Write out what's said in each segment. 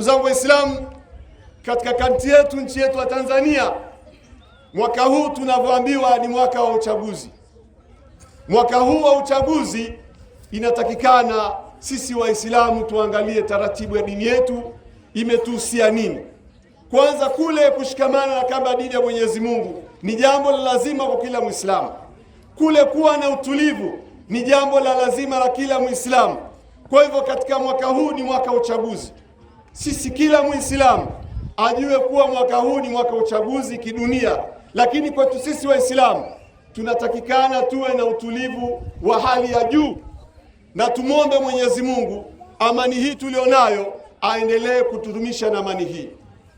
Ndugu zangu Waislamu, katika kanti yetu, nchi yetu ya Tanzania, mwaka huu tunavyoambiwa ni mwaka wa uchaguzi. Mwaka huu wa uchaguzi inatakikana sisi Waislamu tuangalie taratibu ya dini yetu imetuhusia nini. Kwanza kule kushikamana na kamba dini ya Mwenyezi Mungu ni jambo la lazima kwa kila Mwislamu. Kule kuwa na utulivu ni jambo la lazima la kila Mwislamu. Kwa hivyo katika mwaka huu ni mwaka uchaguzi sisi kila Muislamu ajue kuwa mwaka huu ni mwaka uchaguzi kidunia, lakini kwetu sisi Waislamu tunatakikana tuwe na utulivu wa hali ya juu na tumwombe Mwenyezi Mungu amani hii tulionayo aendelee kutudumisha na amani hii.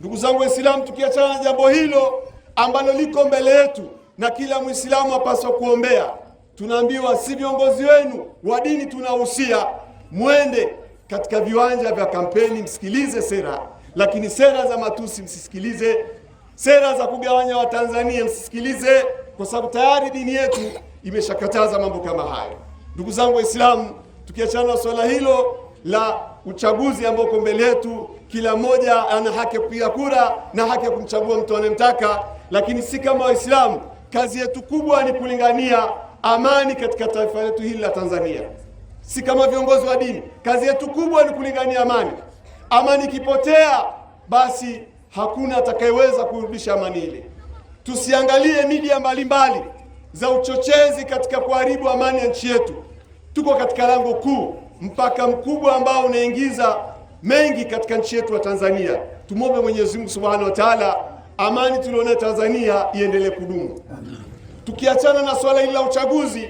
Ndugu zangu Waislamu, tukiachana na jambo hilo ambalo liko mbele yetu na kila Mwislamu apaswa kuombea, tunaambiwa si viongozi wenu wa dini tunahusia mwende katika viwanja vya kampeni, msikilize sera, lakini sera za matusi msisikilize, sera za kugawanya Watanzania msisikilize, kwa sababu tayari dini yetu imeshakataza mambo kama hayo. Ndugu zangu Waislamu, tukiachana na swala hilo la uchaguzi ambao uko mbele yetu, kila mmoja ana haki ya kupiga kura na haki ya kumchagua mtu anayemtaka, lakini si kama Waislamu, kazi yetu kubwa ni kulingania amani katika taifa letu hili la Tanzania. Si kama viongozi wa dini, kazi yetu kubwa ni kulingania amani. Amani ikipotea, basi hakuna atakayeweza kurudisha amani ile. Tusiangalie media mbalimbali za uchochezi katika kuharibu amani ya nchi yetu. Tuko katika lango kuu, mpaka mkubwa ambao unaingiza mengi katika nchi yetu ya Tanzania. Tumwombe Mwenyezi Mungu Subhanahu wa Ta'ala, amani tulionayo Tanzania iendelee kudumu. Tukiachana na swala hili la uchaguzi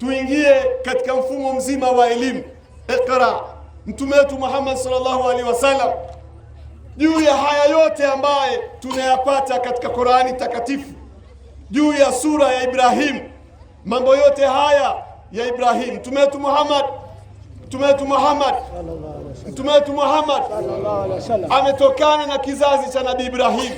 tuingie katika mfumo mzima wa elimu Iqra. Mtume wetu Muhammad sallallahu alaihi wasallam juu ya haya yote ambaye tunayapata katika Qurani takatifu juu ya sura ya Ibrahim, mambo yote haya ya Ibrahim, mtume wetu Muhammad mtume wetu Muhammad mtume wetu Muhammad ametokana na kizazi cha Nabii Ibrahim.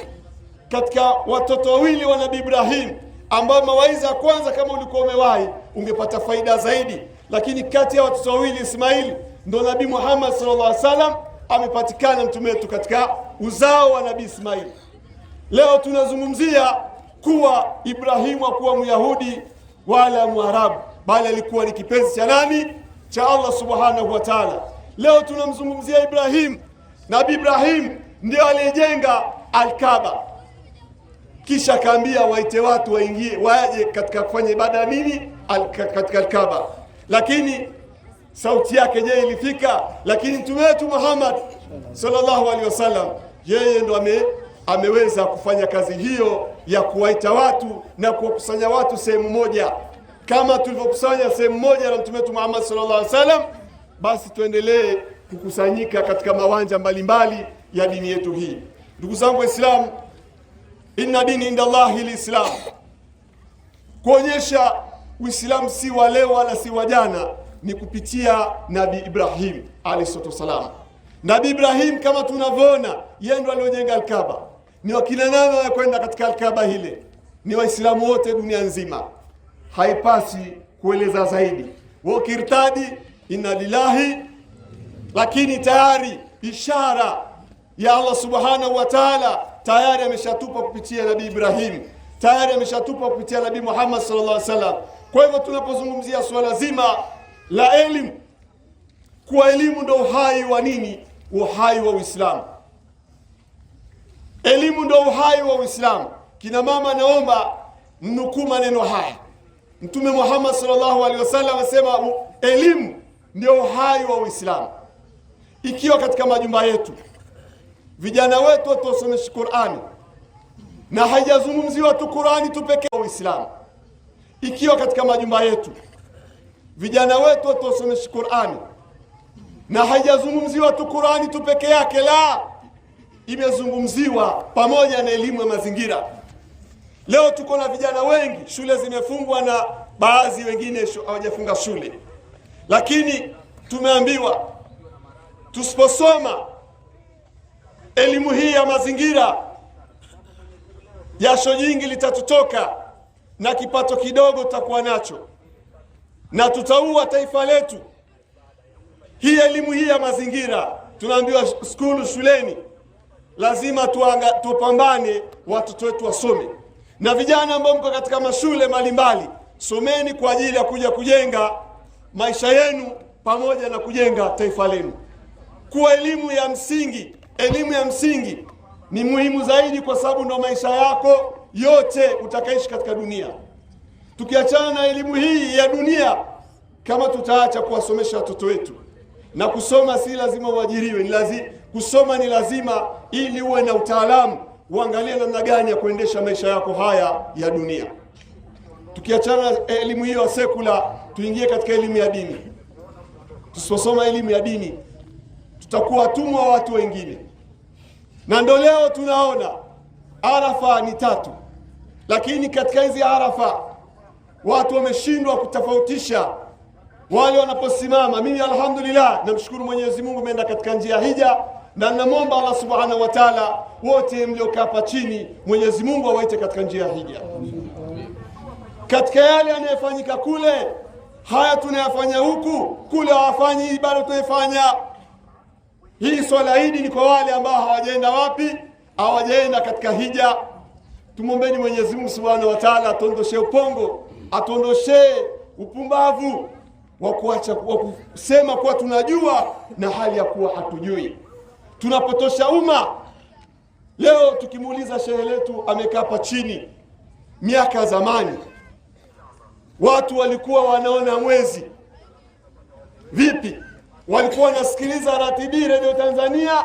Katika watoto wawili wa Nabii Ibrahim ambayo mawaidha ya kwanza, kama ulikuwa umewahi ungepata faida zaidi, lakini kati ya watoto wawili Ismaili ndo Nabii Muhammad sallallahu alaihi wasallam amepatikana mtume wetu katika uzao wa Nabii ismail Leo tunazungumzia kuwa Ibrahimu hakuwa Myahudi wala Mwarabu, bali alikuwa ni kipenzi cha nani? Cha Allah subhanahu wa taala. Leo tunamzungumzia Ibrahimu. Nabii Ibrahimu ndio aliyejenga Alkaba kisha akaambia waite watu waingie waje katika kufanya ibada ya nini katika Alkaba. Lakini sauti yake je, ilifika? Lakini mtume wetu Muhammad sallallahu alaihi wasallam yeye ndo ame, ameweza kufanya kazi hiyo ya kuwaita watu na kuwakusanya watu sehemu moja, kama tulivyokusanya sehemu moja na mtume wetu Muhammad sallallahu alaihi wasallam, basi tuendelee kukusanyika katika mawanja mbalimbali mbali ya dini yetu hii. Ndugu zangu Waislamu, inna dini inda Allahi lislam, kuonyesha Uislamu si wa leo wala si wa jana, ni kupitia Nabi Ibrahim alayhi wasallam. Nabi Ibrahim kama tunavyoona, yeye ndo aliojenga Alkaba. Ni wakina nani wanakwenda katika Alkaba hile? Ni Waislamu wote dunia nzima, haipasi kueleza zaidi. Wakirtadi inna lillahi, lakini tayari ishara ya Allah subhanahu wa ta'ala tayari ameshatupa kupitia Nabii Ibrahim, tayari ameshatupa kupitia Nabii Muhammad sallallahu alaihi wasallam. Kwa hivyo tunapozungumzia swala zima la elimu, kuwa elimu ndo uhai wa nini? Uhai wa Uislamu. Elimu ndo uhai wa Uislamu. Kina mama, naomba mnukuu maneno haya. Mtume Muhammad sallallahu alaihi wasallam asema elimu ndio uhai wa Uislamu. Ikiwa katika majumba yetu vijana wetu watuwasomeshi Qur'ani, na haijazungumziwa tu Qur'ani tu pekee Uislamu, ikiwa katika majumba yetu vijana wetu watuwasomeshi Qur'ani, na haijazungumziwa tu Qur'ani tu pekee yake, la imezungumziwa pamoja na elimu ya mazingira. Leo tuko na vijana wengi, shule zimefungwa na baadhi wengine hawajafunga shule, lakini tumeambiwa tusiposoma elimu hii ya mazingira, jasho jingi litatutoka na kipato kidogo tutakuwa nacho, na tutaua taifa letu. Hii elimu hii ya mazingira tunaambiwa skulu, shuleni, lazima tuanga, tupambane watoto wetu wasome, na vijana ambao mko katika mashule mbalimbali, someni kwa ajili ya kuja kujenga maisha yenu pamoja na kujenga taifa lenu. Kuwa elimu ya msingi elimu ya msingi ni muhimu zaidi, kwa sababu ndo maisha yako yote utakaishi katika dunia. Tukiachana na elimu hii ya dunia, kama tutaacha kuwasomesha watoto wetu, na kusoma si lazima uajiriwe, lazi, kusoma ni lazima ili uwe na utaalamu, uangalie namna gani ya kuendesha maisha yako haya ya dunia. Tukiachana na elimu hiyo ya sekula, tuingie katika elimu ya dini. Tusiposoma elimu ya dini, tutakuwa watumwa watu wengine na ndo leo tunaona Arafa ni tatu, lakini katika hizi Arafa watu wameshindwa kutofautisha wale wanaposimama. Mimi alhamdulillah, namshukuru Mwenyezi Mungu, umeenda katika njia hija, na namwomba Allah subhanahu wa taala, wote mliokapa chini, Mwenyezi Mungu awaite katika njia hija. Katika yale yanayofanyika kule, haya tunayafanya huku, kule hawafanyi, bado tunaifanya hii swala idi ni kwa wale ambao hawajaenda wapi, hawajaenda katika hija. Tumwombeni Mwenyezi Mungu Subhanahu wa Ta'ala atuondoshee upongo, atuondoshee upumbavu wa kuacha wa kusema kuwa tunajua na hali ya kuwa hatujui, tunapotosha umma. Leo tukimuuliza shehe letu amekaa pa chini, miaka ya zamani watu walikuwa wanaona mwezi vipi? walikuwa wanasikiliza RTB Radio Tanzania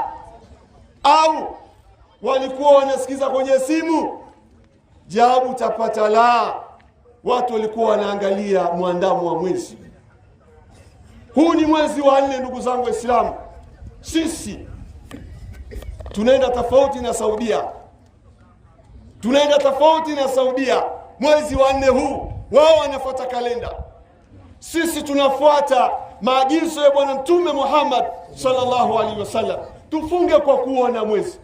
au walikuwa wanasikiliza kwenye simu? Jawabu utapata la. Watu walikuwa wanaangalia mwandamo wa mwezi huu. Ni mwezi wa nne, ndugu zangu Waislamu. Sisi tunaenda tofauti na Saudia, tunaenda tofauti na Saudia. Mwezi wa nne huu wao wanafuata kalenda, sisi tunafuata maagizo ya Bwana Mtume Muhammad sallallahu alaihi wasallam. Tufunge kwa kuona mwezi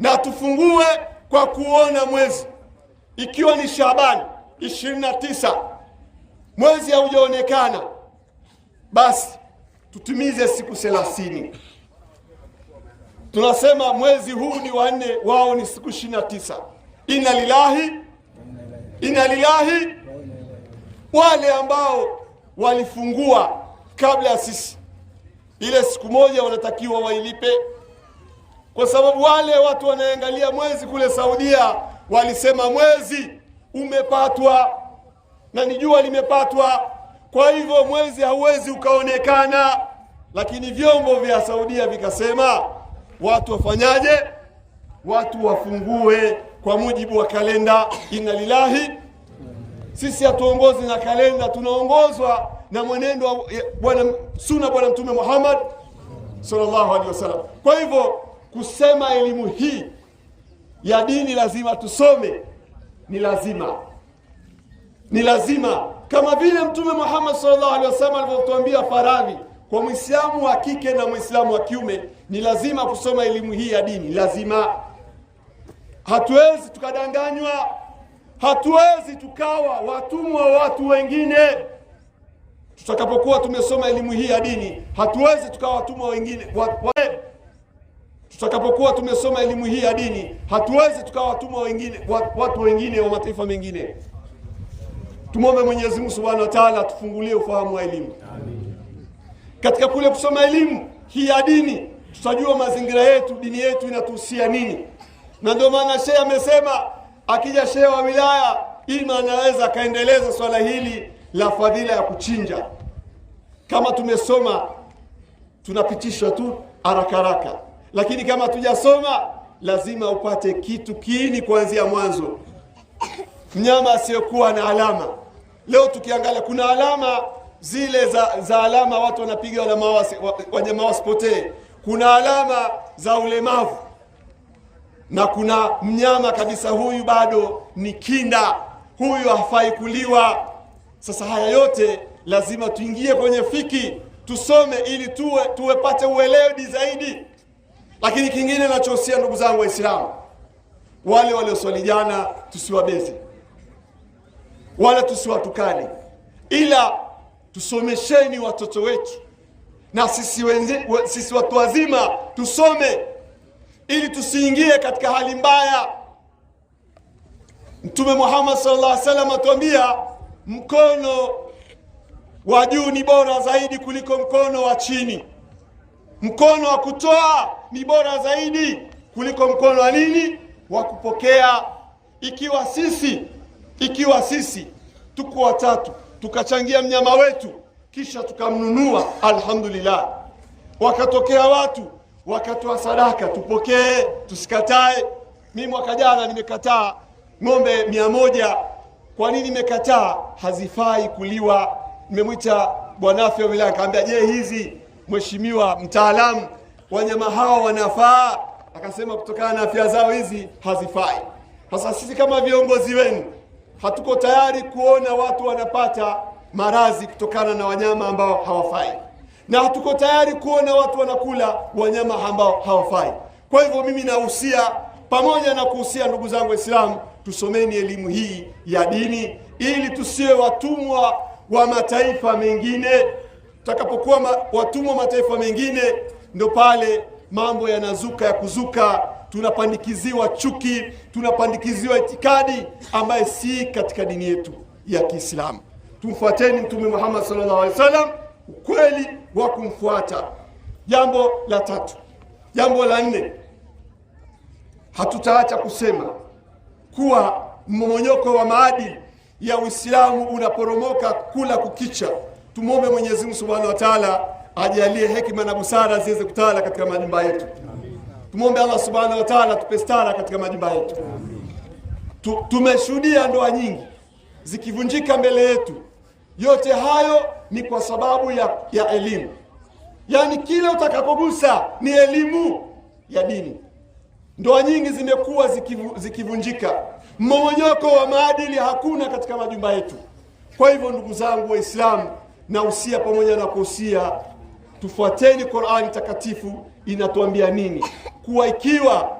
na tufungue kwa kuona mwezi, ikiwa ni shaban 29 mwezi haujaonekana, basi tutimize siku 30. Tunasema mwezi huu ni wanne, wao ni siku 29. Inna lillahi inna lillahi. Wale ambao walifungua kabla ya sisi. Ile siku moja wanatakiwa wailipe, kwa sababu wale watu wanaangalia mwezi kule Saudia walisema mwezi umepatwa na ni jua limepatwa, kwa hivyo mwezi hauwezi ukaonekana. Lakini vyombo vya Saudia vikasema watu wafanyaje? Watu wafungue kwa mujibu wa kalenda. Inna lilahi sisi hatuongozi na kalenda, tunaongozwa na mwenendo wa bwana sunna bwana Mtume Muhammad sallallahu alaihi wasallam. Kwa hivyo kusema elimu hii ya dini lazima tusome, ni lazima, ni lazima, kama vile Mtume Muhammad sallallahu alaihi wasallam alivyotuambia faradhi kwa Mwislamu wa kike na Mwislamu wa kiume. Ni lazima kusoma elimu hii ya dini, lazima. Hatuwezi tukadanganywa, hatuwezi tukawa watumwa wa watu wengine. Tutakapokuwa tumesoma elimu hii ya dini, hatuwezi tukawa watumwa wengine tutakapokuwa tumesoma elimu hii ya dini, hatuwezi tukawa watumwa wengine watu wengine wa mataifa mengine. Tumwombe Mwenyezi Mungu Subhanahu wa Ta'ala tufungulie ufahamu wa elimu. Katika kule kusoma elimu hii ya dini tutajua mazingira yetu, dini yetu inatuhusia nini, na ndio maana shehe amesema akija shehe wa wilaya ima anaweza akaendeleza swala hili la fadhila ya kuchinja. Kama tumesoma tunapitishwa tu haraka haraka, lakini kama tujasoma lazima upate kitu kiini kuanzia mwanzo. Mnyama asiyokuwa na alama. Leo tukiangalia kuna alama zile za, za alama watu wanapiga wanyama wasipotee. Kuna alama za ulemavu na kuna mnyama kabisa, huyu bado ni kinda, huyu hafai kuliwa. Sasa haya yote lazima tuingie kwenye fiki, tusome ili tuwe tuwepate ueledi zaidi. Lakini kingine nachohusia, ndugu zangu Waislamu, wale walioswali jana tusiwabezi wala tusiwatukane, ila tusomesheni watoto wetu na sisi, wenze, sisi watu wazima tusome ili tusiingie katika hali mbaya. Mtume Muhammad sallallahu alaihi wasallam atuambia mkono wa juu ni bora zaidi kuliko mkono wa chini. Mkono wa kutoa ni bora zaidi kuliko mkono wa nini, wa kupokea. Ikiwa sisi ikiwa sisi tuko watatu tukachangia mnyama wetu kisha tukamnunua, alhamdulillah. Wakatokea watu wakatoa sadaka, tupokee, tusikatae. Mimi mwaka jana nimekataa ng'ombe mia moja kwa nini nimekataa? Hazifai kuliwa. Nimemwita afya wa wilaya akaambia, je, hizi mheshimiwa mtaalamu, wanyama hawa wanafaa? Akasema kutokana na afya zao hizi hazifai. Sasa sisi kama viongozi wenu hatuko tayari kuona watu wanapata maradhi kutokana na wanyama ambao hawafai, na hatuko tayari kuona watu wanakula wanyama ambao hawafai. Kwa hivyo mimi nahusia, pamoja na kuhusia ndugu zangu Waislamu tusomeni elimu hii ya dini ili tusiwe watumwa wa mataifa mengine. Tutakapokuwa ma, watumwa wa mataifa mengine, ndo pale mambo yanazuka ya kuzuka, tunapandikiziwa chuki, tunapandikiziwa itikadi ambaye si katika dini yetu ya Kiislamu. Tumfuateni Mtume Muhammad sallallahu alaihi wasallam, ukweli wa kumfuata. Jambo la tatu, jambo la nne, hatutaacha kusema kuwa mmomonyoko wa maadili ya Uislamu unaporomoka kula kukicha. Tumwombe Mwenyezi Mungu Subhanahu wa Ta'ala ajalie hekima na busara ziweze kutawala katika majumba yetu. Tumwombe Allah Subhanahu wa Ta'ala stara katika majumba yetu. Tumeshuhudia ndoa nyingi zikivunjika mbele yetu. Yote hayo ni kwa sababu ya, ya elimu. Yaani kile utakapogusa ni elimu ya dini. Ndoa nyingi zimekuwa zikivunjika Mmomonyoko wa maadili hakuna katika majumba yetu. Kwa hivyo, ndugu zangu Waislamu, nausia pamoja na kuhusia tufuateni Qur'ani takatifu inatuambia nini, kuwa ikiwa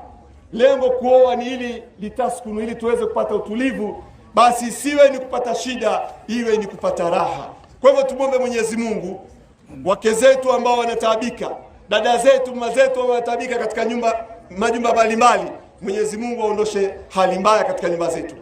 lengo kuoa ni ili litaskunu, ili tuweze kupata utulivu, basi isiwe ni kupata shida, iwe ni kupata raha. Kwa hivyo, tumwombe Mwenyezi Mungu wake zetu ambao wanataabika, dada zetu, mama zetu wanataabika katika nyumba majumba mbalimbali Mwenyezi Mungu aondoshe hali mbaya katika nyumba zetu.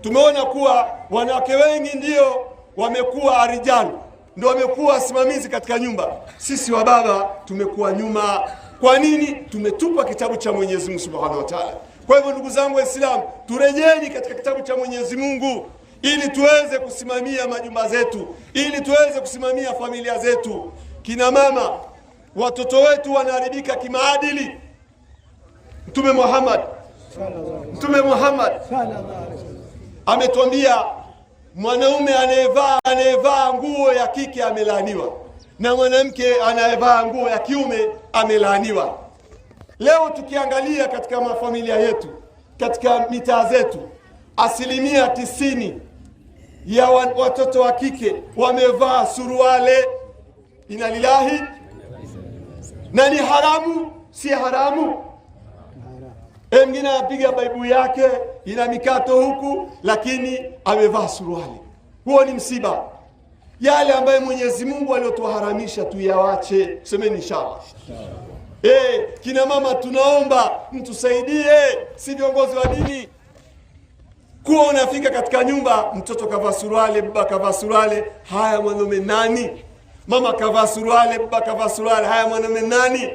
Tumeona kuwa wanawake wengi ndio wamekuwa arijani, ndio wamekuwa wasimamizi katika nyumba. Sisi wa baba tumekuwa nyuma. Kwa nini? Tumetupa kitabu cha Mwenyezi Mungu Subhanahu wa Ta'ala. Kwa hivyo, ndugu zangu Waislamu, turejeni katika kitabu cha Mwenyezi Mungu ili tuweze kusimamia majumba zetu, ili tuweze kusimamia familia zetu. Kina mama, watoto wetu wanaharibika kimaadili Mtume Muhammad, Mtume Muhammad ametwambia mwanaume anayevaa anayevaa nguo ya kike amelaaniwa na mwanamke anayevaa nguo ya kiume amelaaniwa. Leo tukiangalia katika mafamilia yetu, katika mitaa zetu, asilimia tisini ya watoto wa kike wamevaa suruale. Inalilahi na ni haramu, si haramu? e, anapiga baibu yake ina mikato huku, lakini amevaa suruali. Huo ni msiba. Yale ambayo Mwenyezi Mungu aliyotuharamisha tuyawache, semeni inshallah. Eh, kina mama tunaomba mtusaidie, si viongozi wa dini kuwa unafika katika nyumba, mtoto kavaa suruali, baba kavaa suruali, haya mwanaume nani? Mama kavaa suruali, baba kavaa suruali, haya mwanaume nani?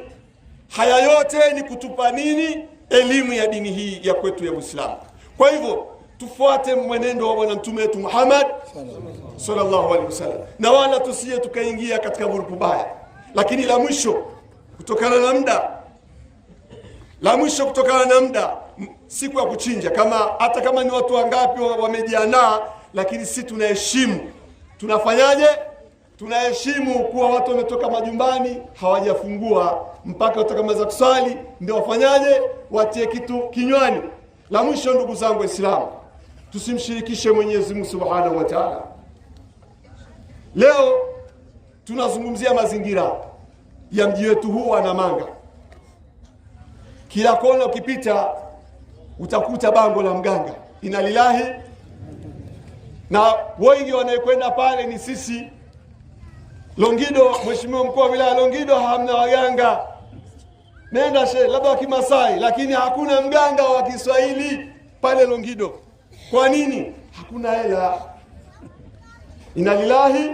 Haya yote ni kutupa nini? elimu ya dini hii ya kwetu ya Uislamu. Kwa hivyo tufuate mwenendo wa bwana mtume wetu Muhammad sallallahu alaihi wasallam, na wala tusije tukaingia katika vurugu baya. Lakini la mwisho kutokana na muda, la mwisho kutokana na muda, siku ya kuchinja, kama hata kama ni watu wangapi wamejiandaa, lakini si tunaheshimu, tunafanyaje? tunaheshimu kuwa watu wametoka majumbani hawajafungua mpaka watakapoanza kuswali ndio wafanyaje? Watie kitu kinywani. La mwisho, ndugu zangu Waislamu, tusimshirikishe Mwenyezi Mungu Subhanahu wa Ta'ala. Leo tunazungumzia mazingira ya mji wetu huu wa Namanga. Kila kona ukipita utakuta bango la mganga, inalilahi na wengi wanayekwenda pale ni sisi Longido, mheshimiwa mkuu wa wilaya Longido, hamna waganga nenda she labda wa Kimasai, lakini hakuna mganga wa Kiswahili pale Longido. Kwa nini? Hakuna hela. Inalilahi.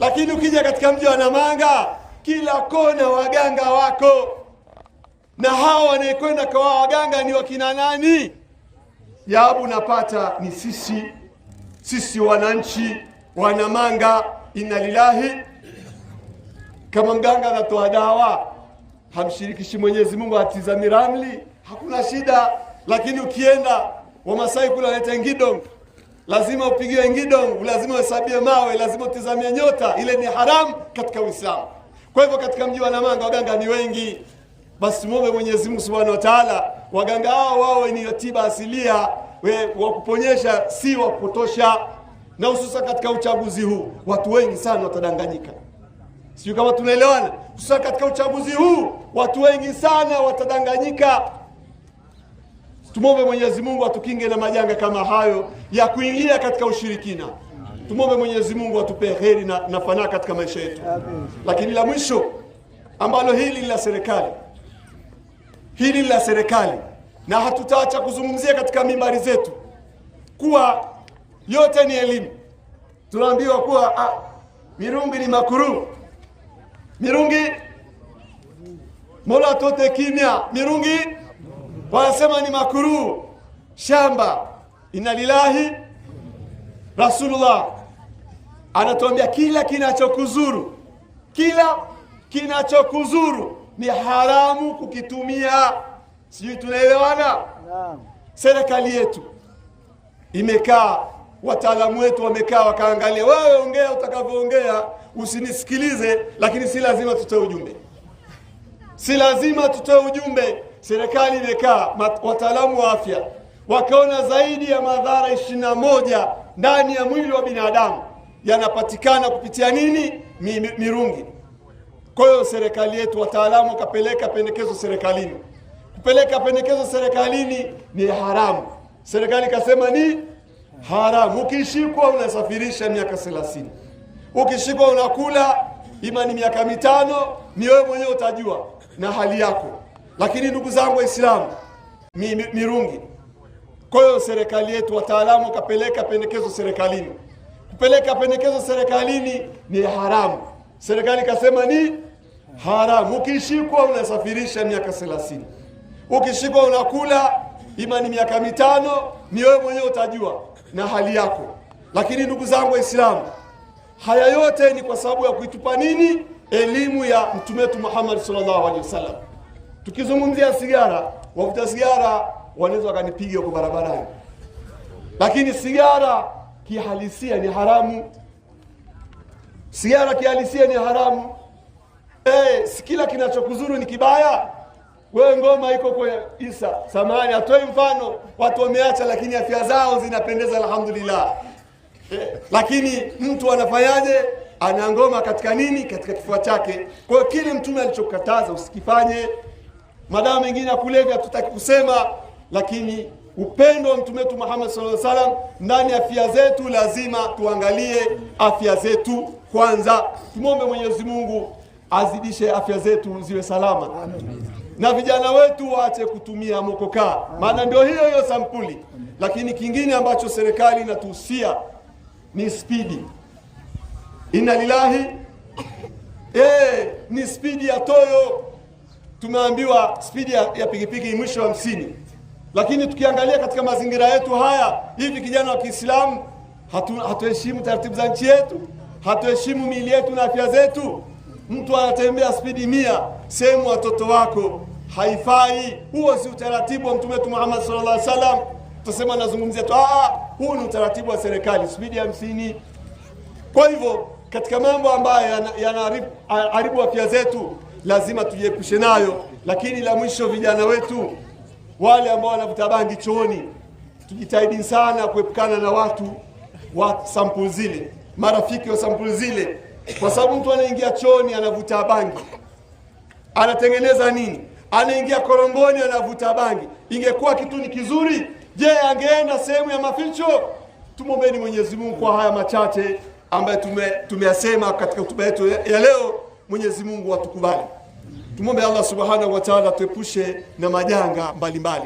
Lakini ukija katika mji wa Namanga, kila kona waganga wako, na hao wanaekwenda kwa waganga ni wakina nani? Jawabu napata ni sisi, sisi wananchi wa Namanga. Inalilahi kama mganga anatoa dawa hamshirikishi Mwenyezi Mungu, atizami ramli, hakuna shida. Lakini ukienda Wamasai kula wanaleta ngidong, lazima upigiwe ngidong, lazima uhesabie mawe, lazima utizamie nyota. Ile ni haramu katika Uislamu. Kwa hivyo katika mji wa Namanga waganga ni wengi, basi muombe Mwenyezi Mungu Subhanahu wa Ta'ala, waganga hao wao ni tiba asilia wa kuponyesha, si wa kutosha na hususa katika uchaguzi huu watu wengi sana watadanganyika. Sijui kama tunaelewana. Sasa katika uchaguzi huu watu wengi sana watadanganyika. Tumwombe Mwenyezi Mungu atukinge na majanga kama hayo ya kuingia katika ushirikina. Tumwombe Mwenyezi Mungu atupe heri na, na fanaa katika maisha yetu. Lakini la mwisho ambalo hili la serikali, hili la serikali, na hatutaacha kuzungumzia katika mimbari zetu kuwa yote ni elimu. Tunaambiwa kuwa ah, ni makuru mirungi mola tote kimya mirungi wanasema ni makuru shamba. inalilahi Rasulullah anatuambia kila kinachokuzuru, kila kinachokuzuru ni haramu kukitumia. Sijui tunaelewana? Serikali yetu imekaa, wataalamu wetu wamekaa, wakaangalia, wewe ongea utakavyoongea usinisikilize, lakini si lazima tutoe ujumbe, si lazima tutoe ujumbe. Serikali imekaa wataalamu wa afya wakaona zaidi ya madhara ishirini na moja ndani ya mwili wa binadamu yanapatikana kupitia nini? Mi, mi, mirungi. Kwa hiyo serikali yetu wataalamu wakapeleka pendekezo serikalini. Kupeleka pendekezo serikalini ni haramu, serikali ikasema ni haramu, ukishikwa unasafirisha miaka thelathini. Ukishikwa unakula imani miaka mitano, ni wewe mwenyewe utajua na hali yako. Lakini ndugu zangu Waislamu, mi, mi, mirungi. Kwa hiyo serikali yetu, wataalamu wakapeleka pendekezo serikalini. Kupeleka pendekezo serikalini ni haramu, serikali ikasema ni haramu. Ukishikwa unasafirisha miaka thelathini, ukishikwa unakula imani miaka mitano, ni wewe mwenyewe utajua na hali yako. Lakini ndugu zangu Waislamu Haya yote ni kwa sababu ya kuitupa nini? Elimu ya mtume wetu Muhammad sallallahu alaihi wasallam. Tukizungumzia sigara, wavuta sigara wanaweza wakanipiga huko barabarani, lakini sigara kihalisia ni haramu. Sigara kihalisia ni haramu. Hey, eh, kila kinachokuzuru ni kibaya. Wewe ngoma iko kwa Isa samani, atoe mfano, watu wameacha, lakini afya zao zinapendeza, alhamdulillah. lakini mtu anafanyaje? Ana ngoma katika nini? Katika kifua chake. Kwa hiyo kile mtume alichokataza usikifanye. Madawa mengine akulevya tutaki hatutaki kusema, lakini upendo wa mtume wetu Muhammad sallallahu alaihi wasallam ndani ya afya zetu, lazima tuangalie afya zetu kwanza. Tumwombe Mwenyezi Mungu azidishe afya zetu ziwe salama Amen. Na vijana wetu waache kutumia mokokaa, maana ndio hiyo hiyo sampuli. Lakini kingine ambacho serikali inatuhusia ni spidi, inna lillahi eh, ni spidi ya toyo. Tumeambiwa spidi ya, ya pikipiki mwisho hamsini, lakini tukiangalia katika mazingira yetu haya hivi, kijana wa Kiislamu hatuheshimu hatu taratibu za nchi yetu, hatuheshimu miili yetu na afya zetu. Mtu anatembea spidi mia sehemu watoto wako haifai. Huo si utaratibu wa Mtume wetu Muhammad sallallahu alaihi wasallam. Tutasema anazungumzia tu ah huu ni utaratibu wa serikali, spidi hamsini. Kwa hivyo katika mambo ambayo yanaharibu afya zetu lazima tujiepushe nayo. Lakini la mwisho, vijana wetu wale ambao wanavuta bangi chooni, tujitahidi sana kuepukana na watu wa sampul zile, marafiki wa sampul zile, kwa sababu mtu anaingia chooni anavuta bangi anatengeneza nini? Anaingia korongoni anavuta bangi. Ingekuwa kitu ni kizuri Je, angeenda sehemu ya maficho? Tumwombeni Mwenyezi Mungu kwa haya machache ambayo tume, tumeyasema katika hotuba yetu ya leo. Mwenyezi Mungu atukubali. Tumwombe Allah Subhanahu wa Ta'ala tuepushe na majanga mbalimbali.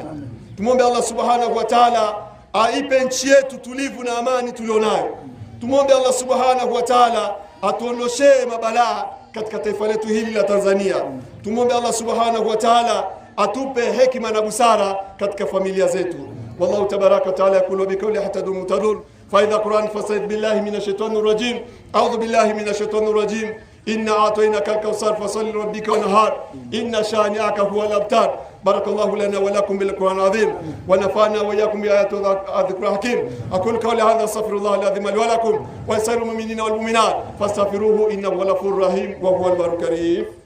Tumwombe Allah Subhanahu wa Ta'ala aipe nchi yetu tulivu na amani tulionayo. Tumwombe Allah Subhanahu wa Ta'ala atuondoshee mabalaa katika taifa letu hili la Tanzania. Tumwombe Allah Subhanahu wa Ta'ala atupe hekima na busara katika familia zetu. والله تبارك وتعالى يقول وبكل حتى دوم ممتدون فإذا قرآن فصيد بالله من الشيطان الرجيم أعوذ بالله من الشيطان الرجيم إن أعطيناك الكوثر فصل ربك ونهار إن شانئك هو الأبتار بارك الله لنا ولكم بالقرآن العظيم ونفعنا وإياكم بآيات الذكر الحكيم أقول قولي هذا أستغفر الله العظيم لي ولكم وسائر المؤمنين والمؤمنات فاستغفروه إنه غفور الرحيم وهو البر الكريم